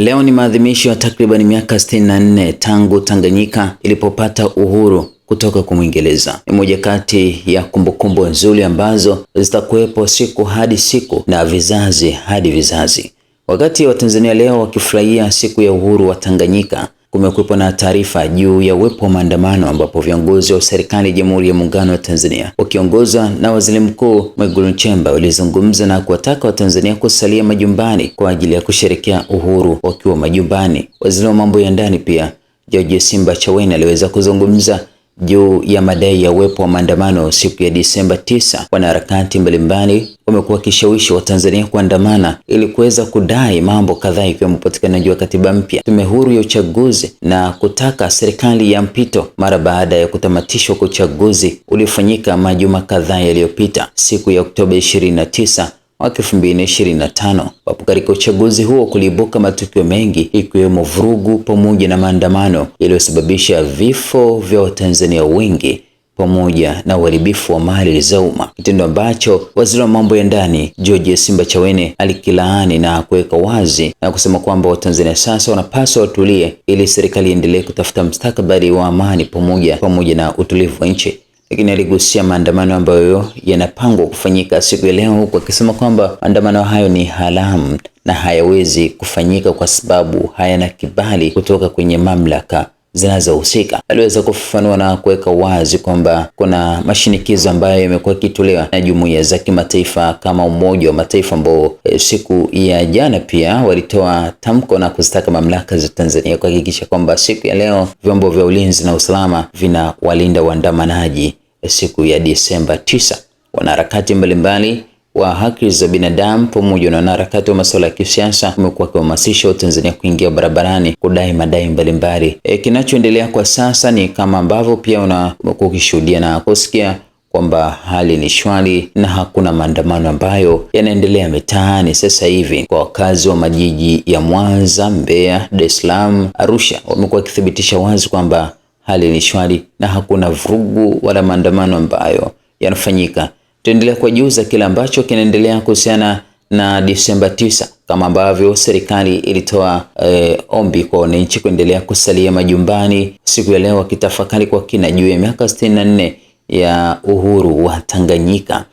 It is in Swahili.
Leo ni maadhimisho ya takriban miaka 64 tangu Tanganyika ilipopata uhuru kutoka kwa Mwingereza. Ni moja kati ya kumbukumbu nzuri ambazo zitakuwepo siku hadi siku na vizazi hadi vizazi. Wakati Watanzania leo wakifurahia siku ya uhuru wa Tanganyika, kumekuwepo na taarifa juu ya uwepo wa maandamano ambapo viongozi wa serikali ya Jamhuri ya Muungano wa Tanzania wakiongozwa na Waziri Mkuu Mwigulu Nchemba walizungumza na kuwataka Watanzania kusalia majumbani kwa ajili ya kusherekea uhuru wakiwa majumbani. Waziri wa mambo ya ndani pia George Simba Chaweni aliweza kuzungumza juu ya madai ya uwepo wa maandamano siku ya Disemba 9. Wanaharakati mbalimbali wamekuwa wakishawishi Watanzania kuandamana ili kuweza kudai mambo kadhaa ikiwemo upatikanaji wa katiba mpya, tume huru ya uchaguzi na kutaka serikali ya mpito mara baada ya kutamatishwa kwa uchaguzi uliofanyika majuma kadhaa yaliyopita siku ya Oktoba 29 mwaka 2025 ambapo katika uchaguzi huo kuliibuka matukio mengi ikiwemo vurugu pamoja na maandamano yaliyosababisha vifo vya Watanzania wengi pamoja na uharibifu wa mali za umma, kitendo ambacho waziri wa mambo ya ndani George Simbachawene alikilaani na kuweka wazi na kusema kwamba Watanzania sasa wanapaswa watulie ili serikali iendelee kutafuta mstakabali wa amani pamoja pamoja na utulivu wa nchi lakini aligusia maandamano ambayo yanapangwa kufanyika siku ya leo, huku akisema kwamba maandamano hayo ni haramu na hayawezi kufanyika kwa sababu hayana kibali kutoka kwenye mamlaka zinazohusika. Aliweza kufafanua na kuweka wazi kwamba kuna mashinikizo ambayo yamekuwa yakitolewa na jumuiya za kimataifa kama Umoja wa Mataifa ambao e, siku ya jana pia walitoa tamko na kuzitaka mamlaka za Tanzania kuhakikisha kwamba siku ya leo vyombo vya ulinzi na usalama vinawalinda waandamanaji siku ya Disemba 9. Wanaharakati mbalimbali wa haki za binadamu pamoja na wanaharakati wa masuala ya kisiasa wamekuwa wakihamasisha Watanzania kuingia barabarani kudai madai mbalimbali. E, kinachoendelea kwa sasa ni kama ambavyo pia unakuwa ukishuhudia na kusikia kwamba hali ni shwari na hakuna maandamano ambayo yanaendelea mitaani sasa hivi. Kwa wakazi wa majiji ya Mwanza, Mbeya, Dar es Salaam, Arusha wamekuwa wakithibitisha wazi kwamba hali ni shwari na hakuna vurugu wala maandamano ambayo yanafanyika. Tutaendelea kuwajuza kile ambacho kinaendelea kuhusiana na Disemba 9 kama ambavyo serikali ilitoa e, ombi kwa wananchi kuendelea kusalia majumbani siku ya leo wakitafakari kwa kina juu ya miaka 64 ya uhuru wa Tanganyika.